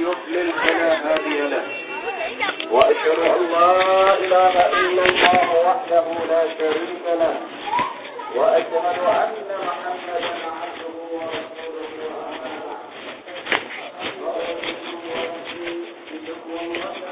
يضلل فلا هادي له وأشهد أن لا إله إلا الله وحده لا شريك له وأشهد أن محمدا عبده ورسوله أما بعد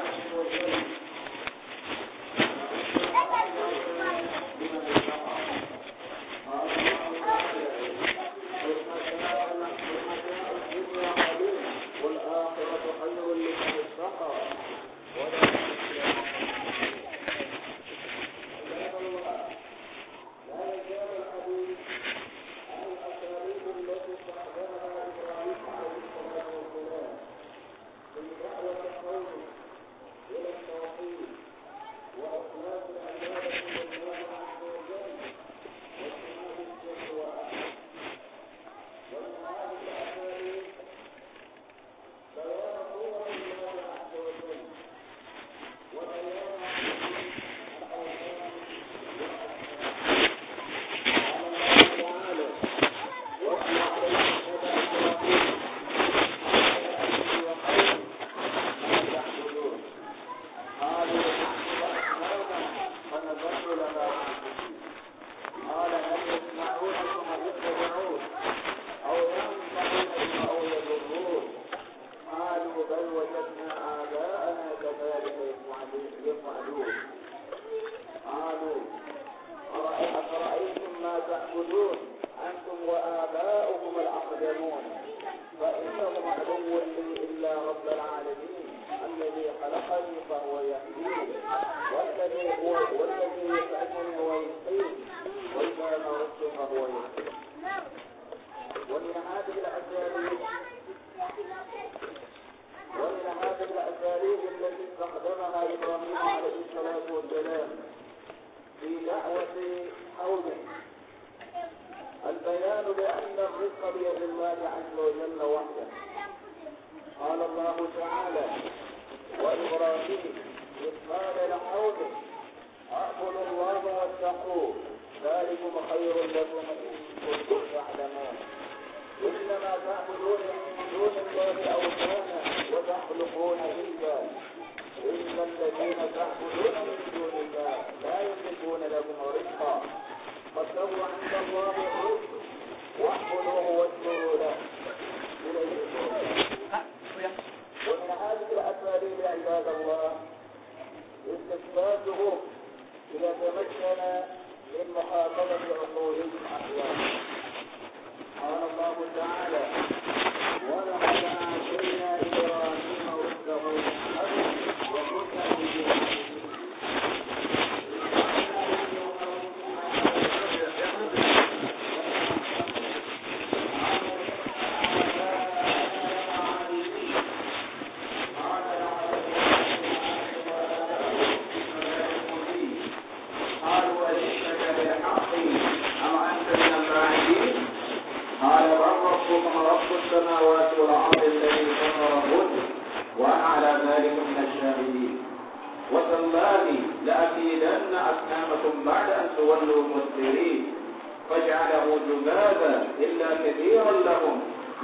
الله تعالى وإبراهيم إذ قال لقومه اعبدوا الله واتقوه ذلكم خير لكم إن كنتم تعلمون إنما تعبدون من دون الله أوثانا وتخلقون إلا إن الذين تعبدون من دون الله لا يملكون لهم رزقا فاتقوا عند الله الرزق واعبدوه واسجدوا له إليه ومن هذه الأساليب يا عباد الله استثبات ظروف إذا من محافظة عقولهم أحيانا قال الله تعالى ولقد آتينا إبراهيم رشده وكنا من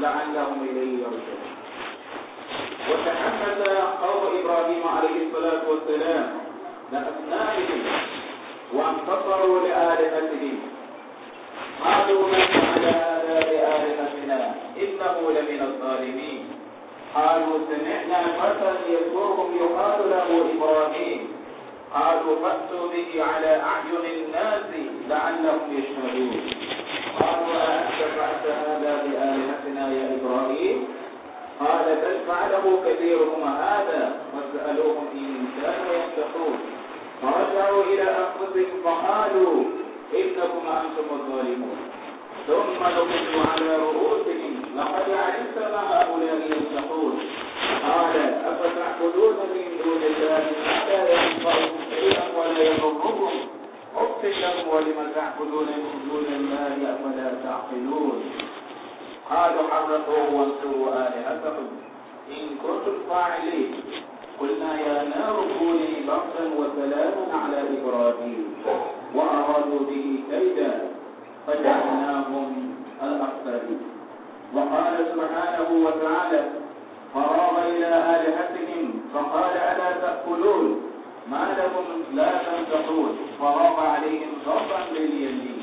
لعلهم إليه يرجعون وتحمل قوم إبراهيم عليه الصلاة والسلام لأبنائهم وانتصروا لآلهتهم قالوا من فعل هذا لآلهتنا إنه لمن الظالمين قالوا سمعنا فتى يذكرهم يقال له إبراهيم قالوا فأتوا به على أعين الناس لعلهم يشهدون قالوا أشفعت هذا بآلهتنا يا إبراهيم قال بل فعله كبيرهم هذا واسألوهم إن كانوا يفتحون فرجعوا إلى أنفسهم فقالوا إنكم أنتم الظالمون ثم نقصوا على رؤوسهم لقد علمت ما هؤلاء يفتحون قال أفتعبدون من دون الله ما لا ينفعهم شيئا ولا يضرهم أبتشم ولم تعبدون من دون الله أفلا تعقلون قالوا حرقوه وانصروا آلهتكم إن كنتم فاعلين قلنا يا نار كوني بردا وسلام على إبراهيم وأرادوا به كيدا فجعلناهم الأخسرين وقال سبحانه وتعالى فراغ إلى آلهتهم فقال ألا تأكلون ما لكم لا تنتقون فراغ عليهم ضربا باليمين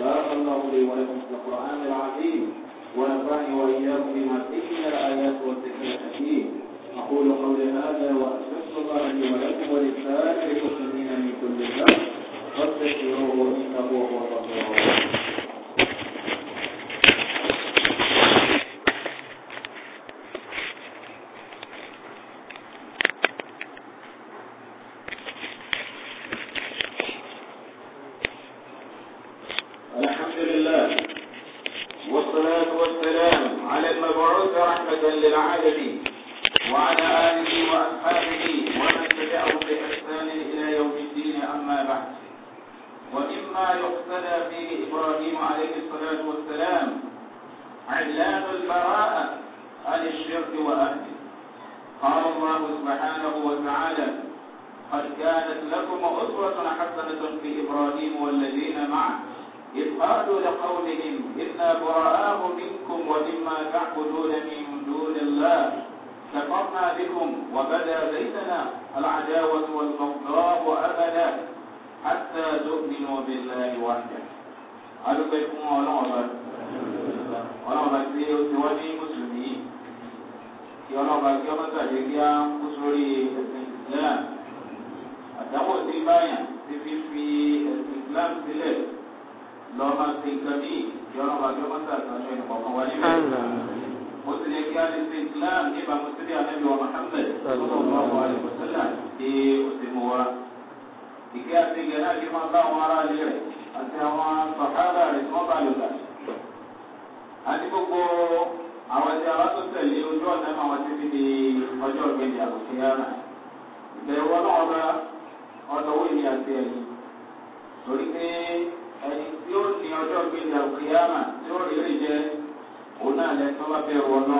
بارك الله لي ولكم في القرآن العظيم ونفعني وإياكم بما فيه من الآيات والذكر الحكيم أقول قولي هذا وأستغفر الله لي ولكم ولسائر المسلمين من كل ذنب فاستغفروه إنه هو الغفور الرحيم لله وحده adúpẹ́ fún ọlọ́run ọba ọlọ́run ọba tí ó ti wá ní mùsùlùmí kí ọlọ́run ọba kí ọmọ tàbí kí á kú sórí ẹ̀sìn islam àdáwò tí báyàn ti fi fi ẹ̀sìn islam sílẹ̀ lọ́ọ́ máa ti nǹkan bí kí ọlọ́run ọba kí ọmọ tàbí ọjọ́ ìnùkọ̀ kan wá nílẹ̀ ó sì lè kí á lè ṣe islam níbàámu sílẹ̀ àlẹ́ bí wọn Muhammad tó wa ìkẹ́ àti ìyẹn náà kí máa bá àwọn ará ilé rẹ̀ àti àwọn sàkáàdà rẹ̀ tí wọ́n bá lò dà. àti gbogbo àwọn ẹ̀sìn ará tó tẹ̀lé ojú ọ̀nà àwọn títí di ọjọ́ ìgbẹ́ni àkókò yára. ìbẹ̀wò náà bá ọ̀dọ̀ owó ìní àti ẹ̀yìn. torí pé ẹni tí ó ní ọjọ́ ìgbẹ́ni àkókò yára tí ó rí rí jẹ òun náà lẹ tó bá bẹ̀rù ọ̀nà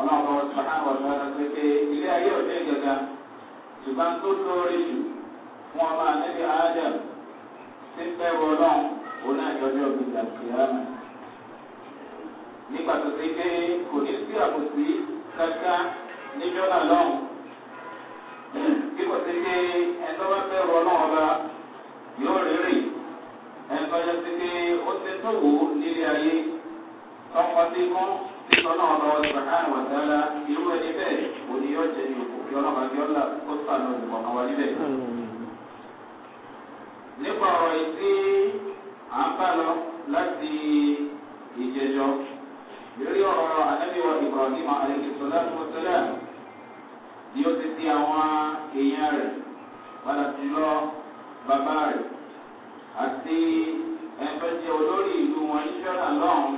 ọ̀nà ọ̀pọ̀ sàkáàdà ọ̀dọ̀ ilé ayé wọn bá níbi àádẹ́m tí bẹ́ẹ̀ wọ náà òun náà yọjú ọdún ìdàkìyàmù. nígbà tó ti dé kò ní sí àbòsí kankan níjọ́ náà lọ́hùn. bí kò ti dé ẹ̀ńtọ́ bá bẹ́ẹ̀ wọ náà ọba yóò rírì ẹ̀ńtọ́ yẹ ti dé ó ti tó wò ó nílé ayé tọkọ tí kún títọ́nà ọ̀rọ̀ ìbàkánì wàtálá irú ẹni bẹ́ẹ̀ òní yóò jẹ́ ìyókù yọ̀nà bàbí ọ̀là kó sànù ìgbọ̀nà wa níbẹ̀ nípa ọ̀rọ̀ yìí tí à ń bá lọ láti ìjẹjọ lórí ọ̀rọ̀ anábìwọ̀ ibrahim alẹ́kẹ̀sọ́lá mọ́tẹ́lá ni ó ti di àwọn èèyàn rẹ̀ padà sí lọ bàbá rẹ̀ àti ẹgbẹ́jẹ olórí ìlú wọn ìṣọ́nà lọ́hùn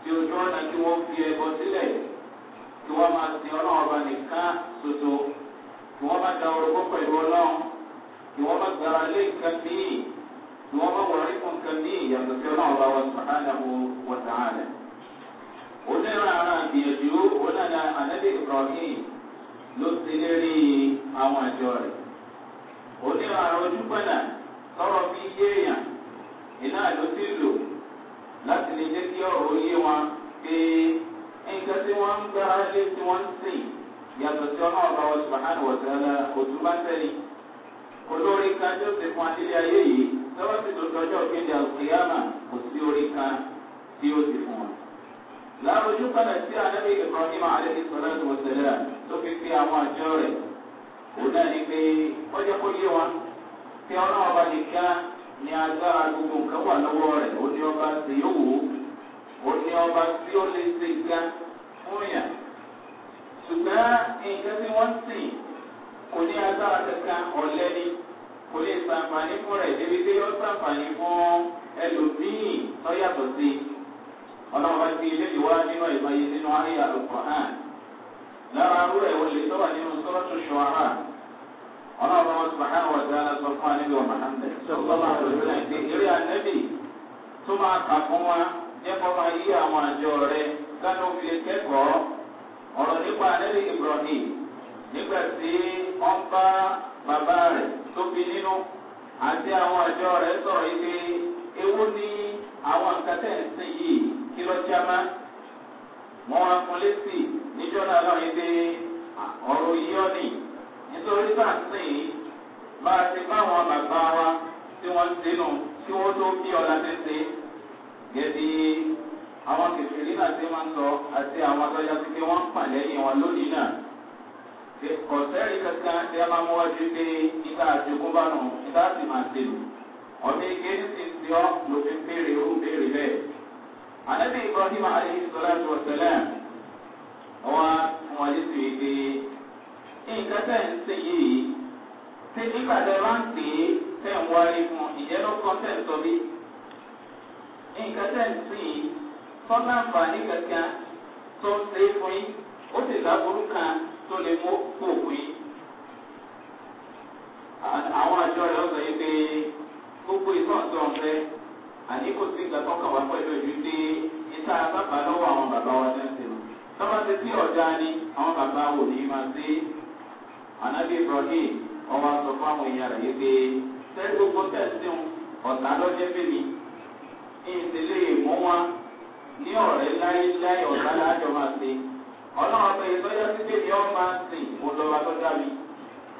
tí ojú ọ̀nà kí wọ́n fi ẹbọ sílẹ̀ kí wọ́n máa sin ọlọ́run ọba nìkan ṣoṣo kí wọ́n má da orúkọ pẹ̀lú ọlọ́run kí wọ́n má gbára lé nǹkan míì kí wọ́n má wọrí fún nǹkan míì yàtọ̀ sí ọlọ́run bá wọn subhanahu wa ta'ala. onírànà àgbìyànjú onírànà anabi ibrahim ló ti lérí àwọn àjọ rẹ̀. onírànà ojúgbọ́nà tọrọ fi yéèyàn iná ló ti lò láti lè jẹ́ kí ọ̀rọ̀ yé wọn pé nǹkan tí wọ́n ń gbára lé tí wọ́n ń sìn yàtọ̀ sí ọlọ́run bá wọn subhanahu wa ta'ala òtún bá tẹ̀lé olórí kan tí ó ti fún adílé ayé yìí lọ́wọ́ sì tó tọjọ́ kéde àgbéyàmà kò sí orí kan tí ó ti fún wọn. lárojú padà sí anábì ibrahim alẹ́bí sọlá tó sẹlẹ̀ tó fi fi àwọn àjọ rẹ̀ kò náà ní pé ọjọ́ kó yé wọn tí ọlọ́wọ́ bá nìkan ní agbára gbogbo nǹkan wà lọ́wọ́ rẹ̀ ó ní ọba tí yóò ó ní ọba tí ó lè ṣe gan fún yàn. ṣùgbọ́n nǹkan tí wọ́n sìn kò ní agbára kankan ọ̀lẹ́ni kò lè sàǹfààní fún rẹ̀ débi pé ó sàǹfààní fún ẹlòmíì tọ́yàtọ̀ sí i. ọlọ́run bá ti ilé ìwá nínú ìbáyé nínú àríyá lùkọ̀án lára arú ẹ̀ wọ́n lè tọ́wà nínú sọ́ọ́tù ṣọ́ọ́rà ọlọ́run bá sàhán wà dáná sọ fún anábì wa muhammed sọ́kọ́lá àlùfẹ́ ní eré anábì tó máa kà fún wa nípa anábì nígbà tí wọ́n bá bàbá rẹ̀ tó bí nínú àti àwọn àjọ rẹ̀ sọ̀rọ̀ yìí pé ewu ní àwọn nǹkan tẹ̀ ń sìn yìí kí ló já má. wọ́n wá fún lẹ́sì níjọ́ náà lọ́wọ́ yìí pé ọ̀rọ̀ yìí ọ́ nì nítorí bá ń sìn yìí bá a ti bá àwọn bàbá wa tí wọ́n sínú kí wọ́n tó bí ọ̀la tẹ̀sẹ̀ gẹ̀ẹ́dì àwọn kìfìrí náà ti máa ń sọ àti àwọn atọ́jà tí wọ́n pàlẹ́yìn wọn lónìí náà kọ̀sẹ́rì kankan tí a máa mú wájú pé ìta àjogúnbá nù ìta sì máa tèlù ọ̀nà ìgbésí tí ọ́ ló fi ń béèrè ó ń béèrè bẹ́ẹ̀. Ànábì Ibrahim Alayhi Salatu wa Salam ọwọ́ wọn lè sè é nǹkan tẹ̀ ń sè yìí tí nígbà tẹ bá ń pè é tẹ̀ ń wárí fún ìjẹ́ ló kọ́ tẹ̀ ń sọ bí. Nǹkan tẹ̀ ń sè é sọ́nà àǹfààní kankan tó ń ṣe é fún yín ó sì tó lè mú òpin àwọn àjọ rẹ̀ ebe yìí pé gbogbo ìtọ́ǹtọ́ ọ̀fẹ́ àní kò sí ìgbàgbọ́ kan wá pẹ̀lú ìlú pé ìta bàbá lọ́wọ́ àwọn bàbá wa ń ni àwọn bàbá wò ní máa ṣe é. ibrahim sọ fún àwọn èèyàn rẹ̀ yìí pé ọ̀tá lọ́jẹ́ ìṣẹ̀lẹ̀ wa ní ọlọ́run ọba èyí tọ́jọ́ títí ni ọ́n máa ń sìn mo lọ́ba tó dá mi.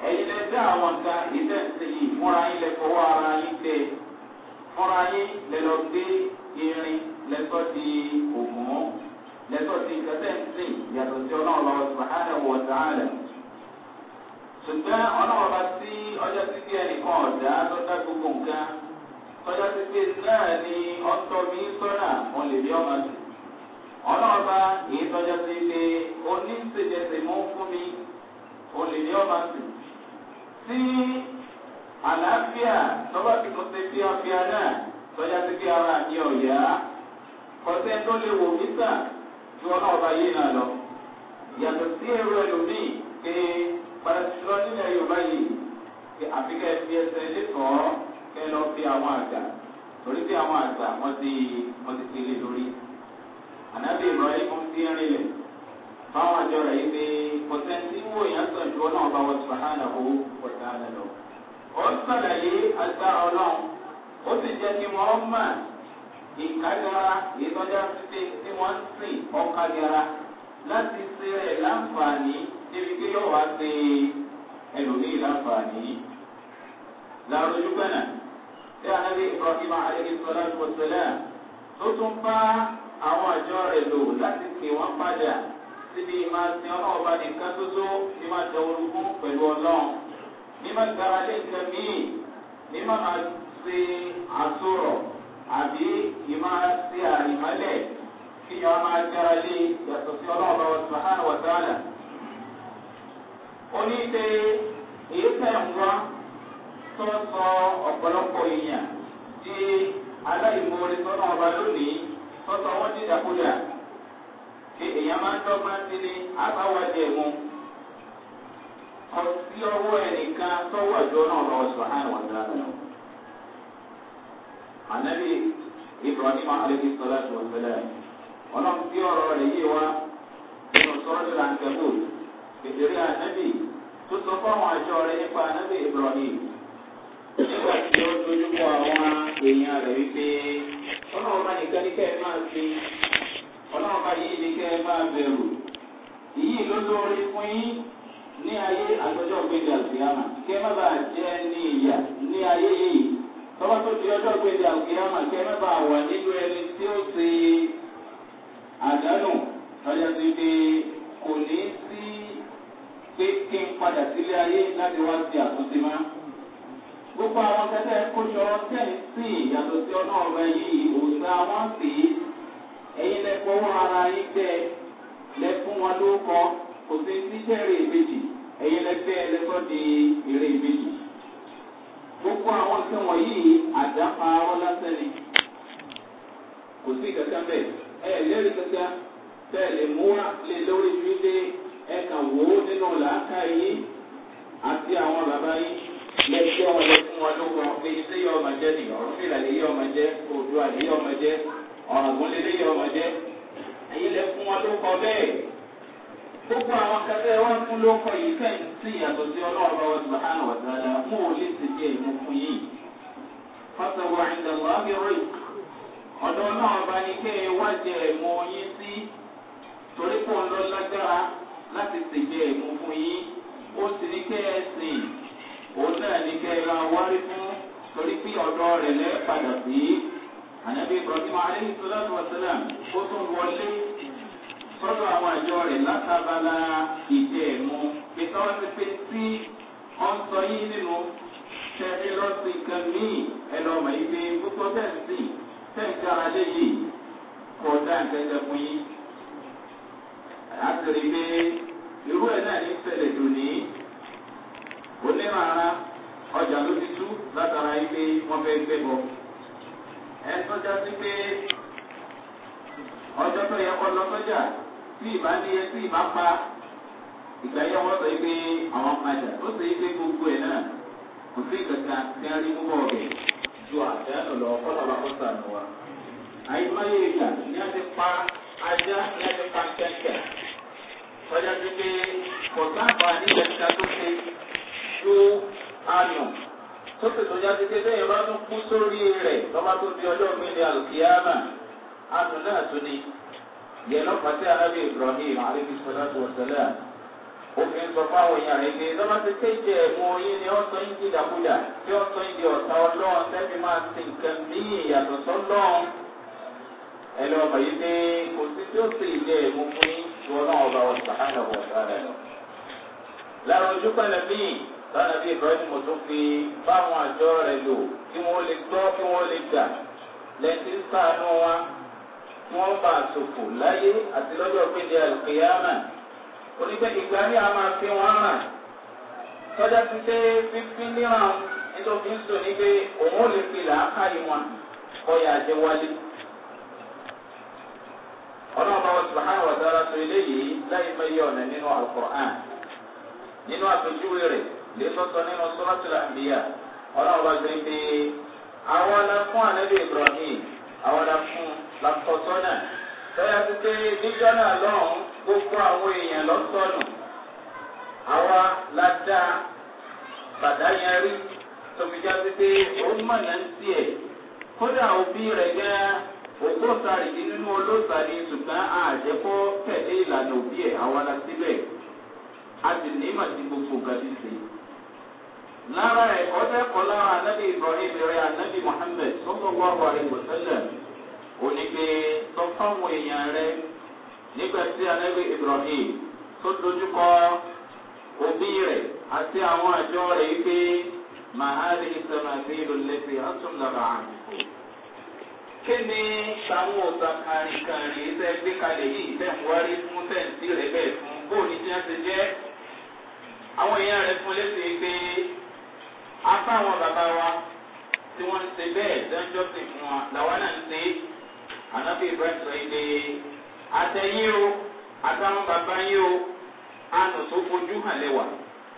ẹ̀yin lẹ dá àwọn nǹkan ìtẹ̀ ń sìn yìí fúnra yín lẹ fọwọ́ ara yín tẹ fúnra yín lẹ lọ gbé irin lẹ́tọ́ di òmù lẹ́tọ́ di kẹtẹ́ ń sìn yàtọ̀ sí ọlọ́run lọ́wọ́ sùpàdé wọ̀ dáhàlẹ̀. ṣùgbọ́n ọlọ́run ọba tí ọjọ́ títí ẹnìkan ọ̀dà tó dá gbogbo nǹkan tọ́jọ́ títí náà ni ọ̀tọ̀ ọlọ́ọ̀ba èyí tọ́jọ́ sí pé oníṣèjẹsẹ̀ mú fún mi olè ní ọba sí. tí àlàáfíà tọ́ba ti kún sí fíafíà náà tọ́já sí pé ara ní ọ̀yá kọ́sẹ́ tó lè wò mí sà ju ọlọ́ọ̀ba yìí náà lọ. yàtọ̀ sí èrò ẹlòmíì pé parasitọ́ nílẹ̀ yorùbá yìí pé àfikẹ́ fi ẹsẹ̀ lẹ́kọ̀ọ́ kẹ́ lọ fi àwọn àgbà torí pé àwọn àgbà wọ́n ti wọ́n ti ti lórí ànábì ìmọ̀ràn fún sí rinlẹ̀ báwọn àjọ rẹ̀ yìí pé pọ̀tẹ́ntì wò yẹn sàn ju ọlọ́run bá wọn ti fàá nà owó pọ̀tà nà lọ. ó sàlàyé agbára ọlọ́run ó sì jẹ́ kí wọ́n mọ̀ ìkájára ìtọ́já títí tí wọ́n ń sìn ọ̀kájára láti ṣe rẹ̀ láǹfààní débi pé yóò wá ṣe ẹlòmíì láǹfààní. làrújú gbẹ̀nà tí ànábì ìkọ́ ìmọ̀ àlẹ́ ìsọ̀lá tó tún bá àwọn àjọ rẹ̀ lò láti pè wọ́n padà síbi ìmọ̀ sin ọlọ́ọ̀bá nìkan tótó ní máa jọ orogún pẹ̀lú ọlọ́run ní máa gbára lé nǹkan míì ní máa máa ṣe àtúrọ̀ àbí ìmọ̀ ṣe àrìmọ́lẹ̀ kí ni wọ́n máa gbára lé yàtọ̀ sí ọlọ́ọ̀bá wọn sàhánà wà sàhánà. ó ní pé èyí tẹ̀ ń wá tó ń sọ ọ̀pọ̀lọpọ̀ èèyàn di aláìmoore tọ́nà ọba lónìí tọ́tọ̀ wọ́n ti dàkúdà kí èèyàn máa ń dọ́gba sí ni àbáwájẹ mu kọ sí ọwọ́ ẹnìkan tọ́wọ́ àjọ náà lọ́wọ́ sọ hàn wọ́n dáná lọ. ànábì ibrahim aleyhi sọlá tó ń bẹ̀rẹ̀ ọlọ́run tí ọ̀rọ̀ rẹ̀ yé wa nínú sọ́rọ́ tó láǹkẹ́ bò kékeré ànábì tó sọ fáwọn àjọ rẹ̀ nípa ànábì ibrahim nígbà tí ó dojú kọ àwọn èèyàn rẹ̀ wípé ọlọ́run bá nìkan ní kẹ́ ẹ máa ṣe ọlọ́run bá yìí ní kẹ́ ẹ máa bẹ̀rù èyí ló lórí fún yín ní ayé àtọjọ́ gbèdé àgbéyàmà kẹ́ ẹ má bàa jẹ́ ní ìyà ní ayé yìí tọ́wọ́ tó di ọjọ́ gbèdé àgbéyàmà kẹ́ ẹ má bàa wà nínú ẹni tí ó ṣe àdánù lọ́jà tó dé kò ní sí pé kí n padà sílé ayé láti wá sí àtúntì máa gbogbo àwọn tẹ́tẹ́ kójọ tẹ́ǹsìn yàtọ̀ sí ọ̀nà ọ̀rọ̀ yìí òòsà wọn sì ẹ̀yin lẹ́kọ̀ọ́ ara yín jẹ́ lẹ́fún wọn ló kọ́ kò sí síjẹ́rì ìbejì ẹ̀yin lẹ́gbẹ́ ẹlẹ́gbọ́ di eré ìbejì. gbogbo àwọn tí wọ̀nyí àdápa wọn lásán ni kò sí kankan bẹ́ẹ̀ ẹ̀ lẹ́rìí kankan bẹ́ẹ̀ lè mú wá lè lórí wílé ẹ̀ka wò ó nínú làákà yìí àti àwọn bàbá yìí lẹ́sẹ̀ wọn lẹ́sẹ̀ wọn ló kọ pé iṣẹ́ yọ ọmọ jẹ́ nìyọ ọ̀rọ̀ fìlà lè yọ ọmọ jẹ́ òdua lè yọ ọmọ jẹ́ ọ̀ràngún lè lè yọ ọmọ jẹ́ ẹ̀yin lẹ fún wọn ló kọ bẹ́ẹ̀ gbogbo àwọn kẹfẹ́ wọn fún ló kọ yìí fẹ́ sí ìyàtọ̀ sí ọlọ́run bá wọn subahana wa taala mú o lè ti di ẹ̀mú fún yìí fọ́sọ̀wọ́ àìdàgbọ́ ń lọ lágbára òun náà ní kẹ́ ẹ máa wárí fún torí pé ọ̀dọ́ rẹ̀ lẹ́ padà sí ànábì ibrahim aleyhi salatu wa salam ó tún wọlé sọ́dọ̀ àwọn àjọ rẹ̀ látàbálá ìjẹ́ ẹ̀mú pété wọ́n ti pé tí wọ́n sọ yín nínú tẹ́ ẹ lọ sí nǹkan míì ẹ pé gbogbo tẹ̀sí tẹ̀sí ara lé yìí kọ̀ dá nǹkan fún yín. àtẹ̀rí pé irú ẹ̀ náà ní sẹ̀lẹ̀ dùn ní onírànà ọjà ló ti tú látara yìí pé wọ́n fẹ́ gbé bọ̀. ẹ tọ́já sí pé ọjọ́ tó yẹ kọ́ lọ sọ́jà tí ìbá níye tí ìbá pa ìgbà yẹ wọ́n sọ yìí pé àwọn padà ó sọ yìí pé gbogbo ẹ̀ náà kò sí kankan tí a rí mú bọ̀ ọ̀bẹ ju àdánù lọ kọ́lọ́ba kó sànù wa. àyíkáyé ìgbà ni a ti pa ajá ni a ti pa kẹ̀kẹ́ tọ́já sí pé kò sáǹfà ní ẹ̀ka tó ṣe iṣu ayùn tó sì tó yá títí bẹ́ẹ̀ bá tún kú sórí rẹ̀ lọ́ba tó di ọjọ́ mi ní alùkìyàmà ayùn náà tún ni yẹn lọ́pàá tí arábì ibrahim alẹ́bíṣọ́láṣọ ọ̀sẹ̀lẹ̀ òfin sọ fáwọn èèyàn rẹ̀ pé lọ́ba ti kéde ẹ̀mú oyin ni ọ̀sán yín ti dàkúdà tí ọ̀sán yín di ọ̀sán ọlọ́run tẹ́bi máa ti nǹkan míì yàtọ̀ sọ́lọ́run ẹni ọmọ yìí pé kò sí tí ó sì ilé ẹ̀mú fún yín ju ọlọ́run ọba ọ̀sán àná ọ̀sán rẹ̀ lọ. lára ojú pẹ̀lẹ́ bíi lọ́nà bí ibrahim tó fi báwọn àjọ rẹ̀ lò kí wọ́n lè gbọ́ kí wọ́n lè gbà lẹ́tí sànú wa kí wọ́n bá a sòfò láyé àti lọ́jọ́ péjẹ àlùkìyàmà oníṣẹ́ ìgbà ní a máa fi wọ́n ràn tọ́jà ti ṣe fífi níran nítorí ń sọ ní pé òun ò lè fi làákàyè wọn kọ́ya jẹ wálé. ọlọ́run bá subahana wa sára sọ eléyìí láì mọ ọ̀nà nínú àlùkò àn nínú àpèjúwe rẹ̀. lẹ́tọ́ sọ sọ́lọ́tìlá ìbíyà ọlọ́run bá gbé pé àwọn ọ̀la ànábì ibrahim àwọn ọ̀la fún làkọ̀sọ́nà lọ́yà tó níjọ́ náà lọ́hùn gbogbo àwọn èèyàn àwa la dá bàdá yẹn rí tòmíjà tó pé òun mọ̀nà kódà òbí rẹ̀ gẹ́gẹ́ ògbóǹtarì nínú olóòtàrí ṣùgbọ́n àjẹpọ̀ tẹ̀lé ìlànà òbí ẹ̀ síbẹ̀ a sì ní màtí gbogbo nǹkan ti lára ẹ̀kọ́ tẹ́kọ̀ọ́ lára anábì ibrahim rẹ̀ anábì muhammed sọ́kọ̀wá wàrí wòsẹ́lẹ̀ onígbé sọ fáwọn èèyàn rẹ̀ nígbà tí anábì ibrahim tó dojúkọ òbí rẹ̀ àti àwọn àjọ rẹ̀ wípé màhálì ìsọ̀nà àti ìlòlẹ́sẹ̀ àtúndàbà àdìpọ̀. kí ni táwọn ọ̀sà kárìkárì tẹ́ gbé kalẹ̀ yìí tẹ́ ń wárí fún tẹ́ rẹ̀ bẹ́ẹ̀ fún bóòní jẹ́ ti jẹ́ àwọn èèyàn rẹ̀ fún léṣe apá àwọn bàbá wa tí wọ́n ń ṣe bẹ́ẹ̀ dánjọ́ sì fún wa làwọn náà ń ṣe ànábì ibrahim sọ àtẹ̀yìn o àtàwọn bàbá yín o ànà tó fojú hàn lẹ́wà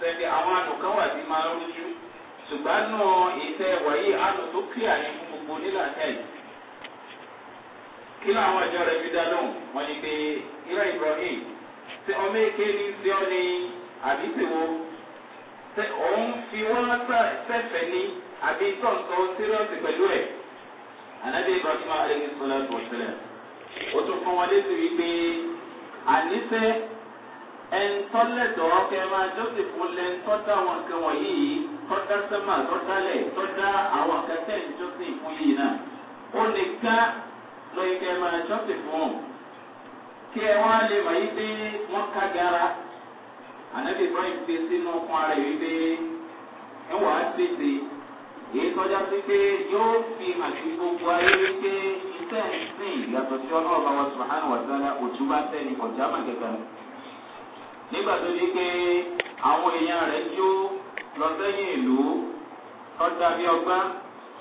sẹ́ni àwọn ànà kan wà bí máa ń rújú ṣùgbọ́n nù ìtẹ́ ẹ̀wà yìí ànà tó kí àyìn fún gbogbo nílà tẹ́lẹ̀ kí làwọn ẹ̀jọ́ rẹ̀ fi dá lóhùn wọ́n ní pé irọ́ ibrahim ṣé ọmọ èké ní ṣé ọ ní àbí tèwo ṣe òun fi wọ́n sẹ́fẹ̀ ní àbí tọ̀ǹtọ̀ sírọ́ọ̀sì pẹ̀lú ẹ̀. Ànábì Ibrahim Alayhi Salaam tó ṣẹlẹ̀. Ó tún fún wọn létí wípé àníṣe ẹ̀ńtọ́lẹ̀dọ̀ ọ̀kẹ́ máa jọ́sìn fún lẹ́ńtọ́ dá àwọn nǹkan wọ̀nyí tọ́dá sẹ́mà tọ́dálẹ̀ tọ́dá àwọn nǹkan tẹ̀ ń jọ́sìn fún yìí náà. Ó lè ká lọ́yẹ̀kẹ́ máa jọ́sìn fún ọ̀ kí ẹ wá lè wáyé pé wọ́n ká gara ànábì ibrahim fi sínú fún ara yìí pé ẹ wà á pèsè èyí tọ́já sí pé yóò fi àti gbogbo ayé wípé iṣẹ́ ìsìn yàtọ̀ sí ọlọ́ọ̀bá wa subahana wa sara òtún bá tẹ̀lé ọ̀já mà gẹ́gẹ́ nígbà tó di pé àwọn èèyàn rẹ̀ jó lọ sẹ́yìn ìlú ọjà bí ọgbà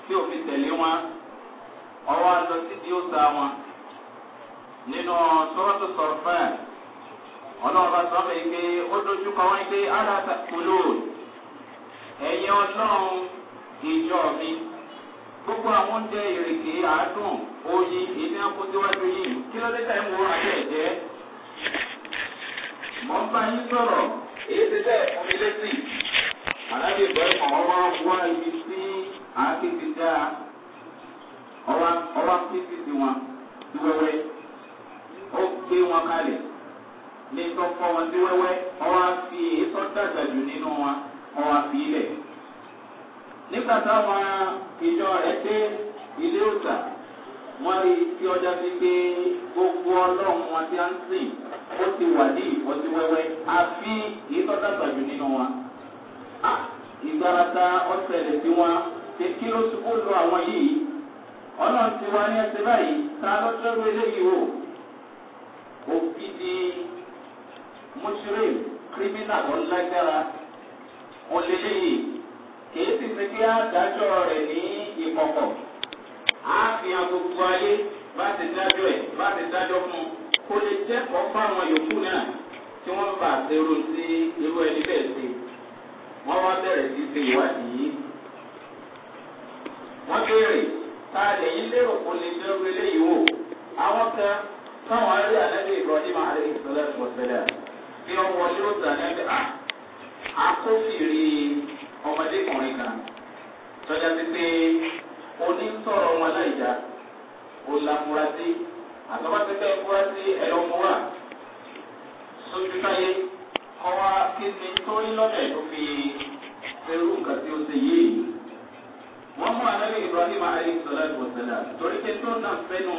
tí òfin tẹ̀lé wọn ọwọ́ àlọ́ sí ó sa wọn nínú sọ́rọ́tò sọ̀rọ̀ fẹ́ẹ̀. ọlọ́ọ̀bá sọ pé pé ó dojú kọ wáyé pé aláta kúló ẹ̀yin ọlọ́run ìjọ mi gbogbo àwọn oúnjẹ ìrèké àádùn oyin ìní akótíwájú yìí kí ló dé tẹ̀ ń wo ayé si mọ̀ bá yín sọ̀rọ̀ èyí ti fún mi létí ọwọ́ wá ibi tí ti dá ọwọ́ ní tọkọ wọn sí wẹ́wẹ́ ọwọ́ nínú wa ọwọ́ àfi ilẹ̀. nígbà táwọn ìjọ rẹ̀ dé ilé òòtà wọ́n tí ọjà sí pé gbogbo ọlọ́run wọn ti ń sìn ó ti wà ní ìfọ́sí àfi dàgbà jù nínú ọ̀sẹ̀lẹ̀ kí ló lọ mùsùlùmí kírímínà tó lágbára òlélẹ́ yìí kìí sì ti kí àdájọ́ rẹ̀ ní ìkọ̀kọ̀ á fi hàn gbogbo ayé bá ti dájọ́ ẹ̀ bá ti dájọ́ fún kó lè jẹ́kọ̀ọ́ fáwọn yòókù náà tí wọ́n bá àtẹ̀rù sí irú ẹni bẹ́ẹ̀ sí wọ́n wá bẹ̀rẹ̀ sí ṣe ìwádìí yìí. wọ́n béèrè ta lẹ́yìn lérò kó lè dẹ́rù eléyìí wò àwọn kan táwọn arí àlẹ́ bí ìrọ̀lẹ́ máa rí ìṣẹ̀lẹ̀ ìṣẹ̀lẹ̀ bí ọmọ wọn ṣe ó gbà lẹ́gbẹ̀ẹ́ à ah, akófìrí ọmọdékùnrin kan tọ́jà ti pé onítọ̀rọ̀ wọn láìjà ó lámúrasí àtọ́wọ́sẹ́fẹ́ múrasí ẹlọ́múra sójú táyé kọ́wá kí ni tó ń lọ́dẹ̀ tó fi ẹrú nǹkan tí ó ṣe yìí wọ́n mú anábì ibrahim alayhi salatu wa salam torí pé tó náà fẹ́nu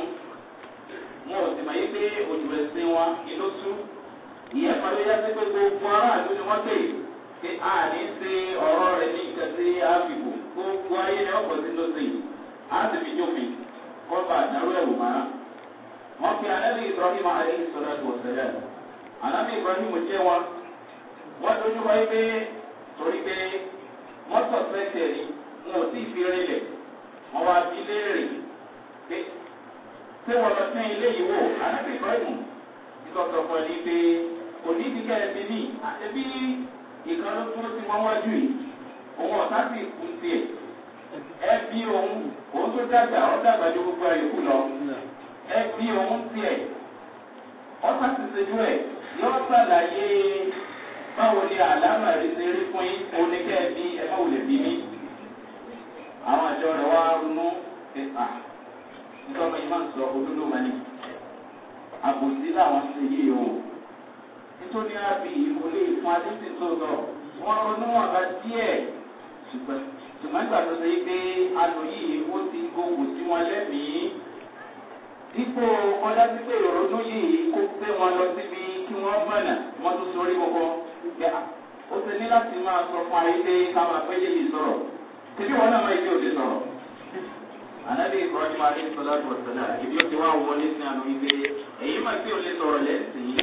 wọn ò sì máa yí pé òjò ẹ̀sìn wa inú tú kí ẹ̀kọ́ ló yá sí pé gbogbo aráàlú ni wọ́n tẹ̀ pé a ní ṣe ọ̀rọ̀ rẹ̀ ní nǹkan sí àfìbò gbogbo ayé ni ọkọ̀ sí ló sè á sì fi jófin kọ́ba àdáró ẹ̀rù máa. wọ́n fi anábì ibrahim alayhi sọ̀rọ̀ tó sẹ́lẹ̀ anábì ibrahim jẹ́ wọn wọ́n dojú wá pé torí pé wọ́n sọ̀ sẹ́sẹ̀ ni wọn ò tí ì fi rinlẹ̀ wọ́n wá fi léèrè pé tí wọ́n lọ sí ilé yìí wò anábì ibrahim ìtọ́sọ̀kan ní pé kò ní ibi kẹrẹ mi ní àtẹbí ìkan ló dúró sí wọn wájú yìí òun ọ̀tá sì kù tiẹ̀ ẹ bí òun òun tó dàgbà ọ dàgbà ju gbogbo ẹ yòókù lọ ẹ bí òun tiẹ̀ ọ̀tá sì ṣojú ẹ̀ yọ sàlàyé báwo ni àlámà rẹ ṣe rí fún yín òun ni kẹ́ ẹ bí ẹ báwo lè bí mí àwọn àjọ rẹ wá ronú ìta nítorí wọn máa ń sọ olólùmọ́ àbòsí làwọn ṣe yí o tó ní àbí ìbò lè fún adéṣe tó lọ wọn ronú àbá díẹ̀ ṣùgbọ́n ìgbà tó ṣe pé alò yìí ó ti gbogbo sí wọn lẹ́mìí dípò ọjà pípé ìrònú yìí kó pé wọn lọ síbi kí wọ́n mọ̀nà wọ́n tún sórí kọ́kọ́ gbà ó ti ní láti máa sọ fún ayé pé ká máa pẹ́ yé mi sọ̀rọ̀ tẹ̀lé wọn náà máa yí òde sọ̀rọ̀ anabi ibrahim alayhi salatu wa salam ibi o ti wá wọlé sí àná ibi èyí máa fi òde sọ̀rọ̀ lẹ́sìn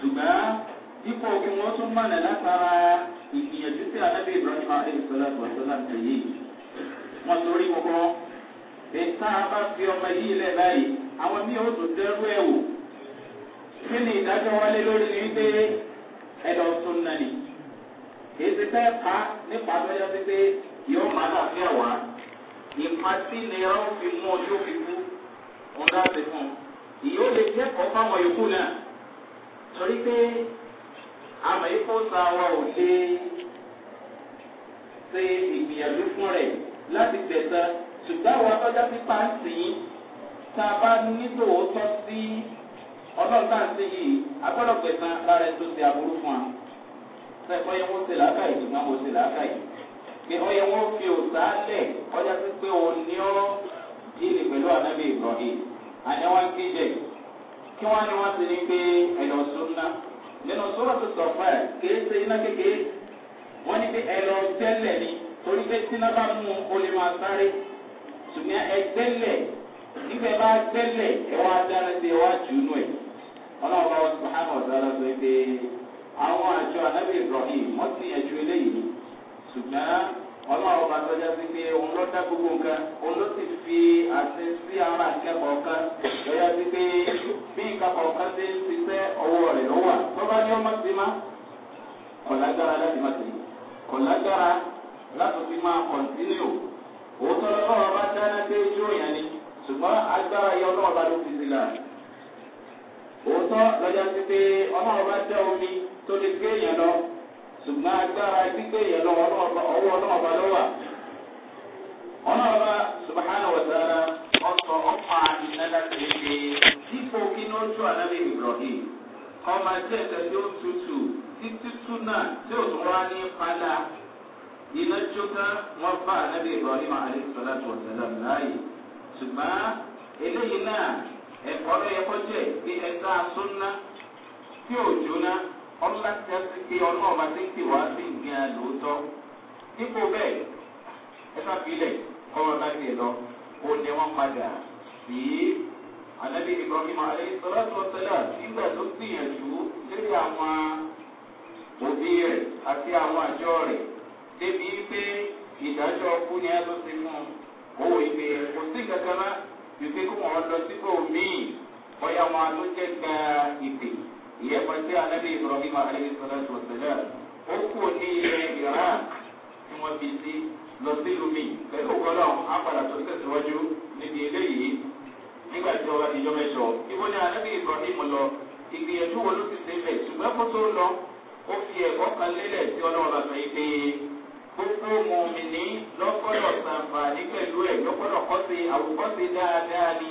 ṣùgbọ́n dípò kí wọ́n tún mọ̀nà látara ìgbìyànjú tí anábì ibrahim aleyhisselatu wasalam ṣe yìí wọ́n torí kọ́kọ́ ìta bá fi ọmọ yìí lẹ̀ báyìí àwọn míì ó tún dẹ́rú ẹ̀ wò kí ni ìdájọ́ wálé lórí ni wípé ẹ̀dọ̀ tún nàní èsì fẹ́ pa nípa abẹ́yọ́ sí pé yóò má dàbíà wá ìpa tí nira ó fi mú ọjọ́ fi kú ọ̀dà àti fún ìyóò lè jẹ́ ọ̀pá àwọn yòókù náà torí pé àmọ̀ ìfọ̀nsá wa ò lè ṣe ìgbìyànjú fún rẹ̀ láti tẹ̀sán ṣùgbọ́n àwọn atọ́já pípa ń sìn ín tá a bá nílò tọ́ sí ọlọ́run tá à ń ṣe yìí agbọ́dọ̀ pẹ̀sán lára ẹ̀ tó ṣe aburú fún wa sẹ́kọ̀ yẹn wọ́n ṣe làákà ṣùgbọ́n wọ́n ṣe làákà pé ọyẹ wọn fi òòtá lẹ̀ ọjà sí pé òun ní ọ́ yìí pẹ̀lú ànábì ìbọn yìí àyẹ̀wò ń kíjẹ̀ yìí kí wọ́n ní wọ́n ti ní pé ẹ̀lọ́ súnná nínú sọ́rọ̀ tó sọ fún ẹ̀ kìí ṣe iná kékeré wọ́n ní pé ẹ̀lọ́ tẹ́lẹ̀ ni torí pé tíná bá mú o lè máa sáré ṣùgbọ́n ẹ tẹ́lẹ̀ nígbà bá tẹ́lẹ̀ ẹ wá dáná sí ẹ wá jù ú nù ẹ̀ ọlọ́run bá wọn sọ hàn ọ̀dọ́ ọ̀dọ́ pé àwọn àjọ anábì ibrahim wọ́n ti ẹ̀jú eléyìí ṣùgbọ́n ọlọ́run ọba tó jẹ́ sí pé òun ló dá gbogbo nǹkan òun ló sì fi àṣẹ sí ara ìkẹ́kọ̀ọ́ kan tó yẹ sí pé bí ìkẹ́kọ̀ọ́ kan ti ń ṣiṣẹ́ ọwọ́ rẹ̀ ó wà tó bá ní ọmọ sí má kò lágbára láti má tèmi kò lágbára láti fi máa kọ̀ntínú òótọ́ lọ́wọ́ ọba dáná pé ijó yẹn ni ṣùgbọ́n agbára yẹ ọlọ́run ọba ló fi sí la òótọ́ lọ́jà sí pé ọba jẹ́ omi tó lè gbé èèyàn lọ ṣùgbọ́n agbára gbígbé yẹn lọ ọwọ́ ọlọ́mọba ló wà. ọlọ́mọba subahana wa taara ọsọ ọpa ìnáda tẹ̀lé dípò kí ní ojú ànábì ibrahim ọmọ ẹgbẹ́ ẹ̀ka tí ó tutù títí tú náà tí ó tún wá ní padà iná jókà wọn bá ànábì ibrahim alayhisalaam tó sẹlẹm láàyè ṣùgbọ́n eléyìí náà ẹ̀kọ́ ló yẹ kó jẹ́ súnná tí ò jóná ọlọ́lá ti ẹ́ pé ọlọ́ọ̀bá ti ń pè wá sí ìgbìyàn lóòótọ́ dípò bẹ́ẹ̀ ẹ sábìlẹ̀ ọ̀rọ̀ láti ẹ̀ lọ ó ní wọ́n padà sí ànábì ibrahim aleyhisselátọ́sẹ́lá nígbà tó gbìyànjú lórí àwọn òbí rẹ̀ àti àwọn àjọ rẹ̀ débi pé ìdájọ́ ọkú ni a tó ti mú owó ìgbé kò sí kankan náà ju pé kí wọ́n lọ míì ọ̀yà wọn ló jẹ́ ka ìpè ìyẹ́pẹ́ tí anábì ibrahim alayhi salatu wa salam ó kú ní ilẹ̀ iran tí wọ́n fi sí lọ sí lumi pẹ̀lú ọgọ́lọ́ àpàdà tó tẹ̀síwájú níbi eléyìí nígbà tí ọba ìjọ mẹ́sọ̀ ìwọ ni anábì ibrahim lọ ìgbìyànjú wo ló ti ṣe bẹ̀ ṣùgbọ́n kó tó lọ ó fi ẹ̀kọ́ kan lélẹ̀ tí ọlọ́run bá sọ yìí pé gbogbo mòmìnì lọ́gbọ́dọ̀ sàǹfà ní ni.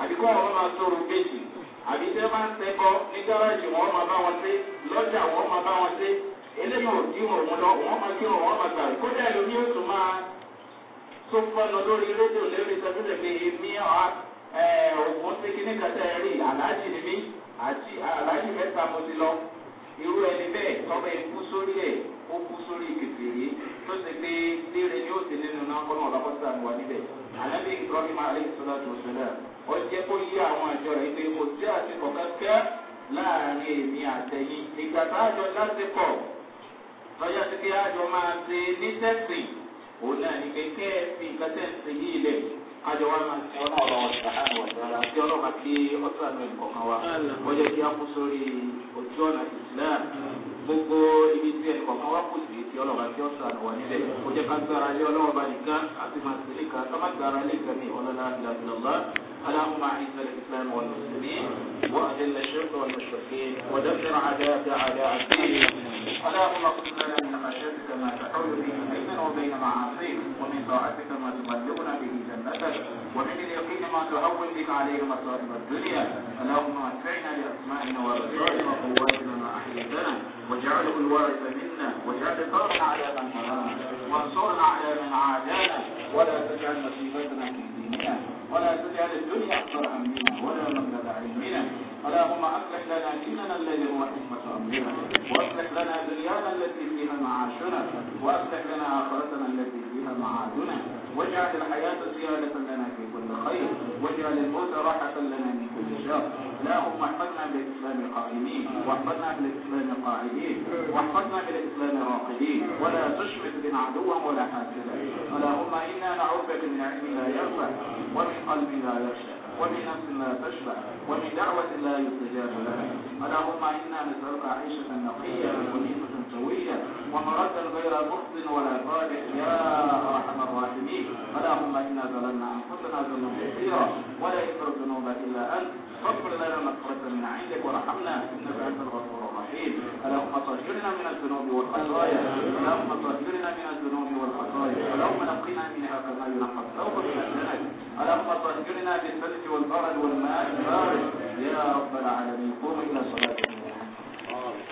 àbíkọ́ àwọn máa tóru péjì àbí tẹ́ máa ń tẹ́kọ́ ní gáràjì wọ́n máa bá wọn ṣe lọ́jà wọ́n máa bá wọn ṣe eléyìí ò díwọ̀n òun lọ wọ́n máa kírun wọ́n máa gbà kódà ẹlòmíì ó tún máa tó fọ́nà lórí rédíò lórí sọ́dúnlẹ̀ pé èmi ògùn ṣe kíní kẹta ẹ̀rí aláàjì ni mí àti aláàjì mẹ́ta mo ti lọ irú ẹni bẹ́ẹ̀ tọ́mọ ẹ̀ kú sórí ẹ̀ ó kú sórí kẹfìrí tó ṣe pé léèrè ni ó ti nínú náà kọ́nà ọ̀làkọ́sà wà níbẹ̀ ànábì ibrahim aleyhisselatu wasalam ó jẹ́ kó yí àwọn àjọ rẹ̀ pé kò sí àsìkò kankan láàrin èmi àtẹ̀yìn ìgbà tá a jọ lásìkò lọ́jọ́ sí pé a jọ máa ṣe ní tẹ̀sìn òun náà ní pé kẹ́ ẹ fi nǹkan tẹ̀sìn yìí lẹ̀ kájọ wa máa ṣe ọ̀nà ọ̀rọ̀ ṣàhánù ọ̀dára tí ọlọ́mà kí ọ̀sán ẹ̀kọ̀ọ̀kan wa wọ́n kí á kú sórí ojú ọ̀nà ìsìláàmù. gbogbo ibi tí ẹnì kọ̀ọ̀kan wá kù sí tí ọlọ́ba tí ó sànù wà nílẹ̀ kó jẹ́ ká gbára lé ọlọ́ọ̀ba nìkan àti máa tẹ̀lé kan ká má gbára lé kan ní ọlọ́lá ìlànà اللهم اعز الاسلام والمسلمين واذل الشرك والمشركين ودمر عداءك اعداء الدين اللهم اغفر لنا من خشيتك ما تحول به بيننا وبين معاصيك ومن طاعتك ما تبلغنا به جنتك ومن اليقين ما تهون به عليه مصائب الدنيا اللهم متعنا لاسمائنا وابصارنا وقواتنا ما احييتنا واجعله الوارث منا واجعل ثارنا على من ظلمنا وانصرنا على من عادانا ولا تجعل مصيبتنا في ديننا ولا تجعل الدنيا أكبر همنا ولا مبلغ علمنا اللهم أصلح لنا ديننا الذي هو حكمة أمرنا وأصلح لنا دنيانا التي فيها معاشنا وأصلح لنا آخرتنا التي فيها معادنا واجعل الحياة زيادة لنا في كل خير واجعل الموت راحة لنا من كل شر اللهم احفظنا بالإسلام قائمين واحفظنا بالإسلام قاعدين واحفظنا بالإسلام راقدين ولا تشمت بنا عدوا ولا حاسدا اللهم إنا نعوذ بك من علم لا يرفع ومن قلب لا يخشى ومن نفس لا تشبع ومن دعوة لا يستجاب لها اللهم إنا نسألك عيشة نقية ونيمة سويا ومرد غير مخزن ولا صالح يا ارحم الراحمين اللهم انا ظلمنا انفسنا ظلما كثيرا ولا يغفر الذنوب الا انت فاغفر لنا مغفره من عندك وارحمنا انك انت الغفور الرحيم اللهم طهرنا من الذنوب والخطايا اللهم طهرنا من الذنوب والخطايا اللهم نقينا منها كما ينقى الثوب من الجنك اللهم طهرنا بالثلج والبرد والماء البارد يا رب العالمين قوم الى صلاتكم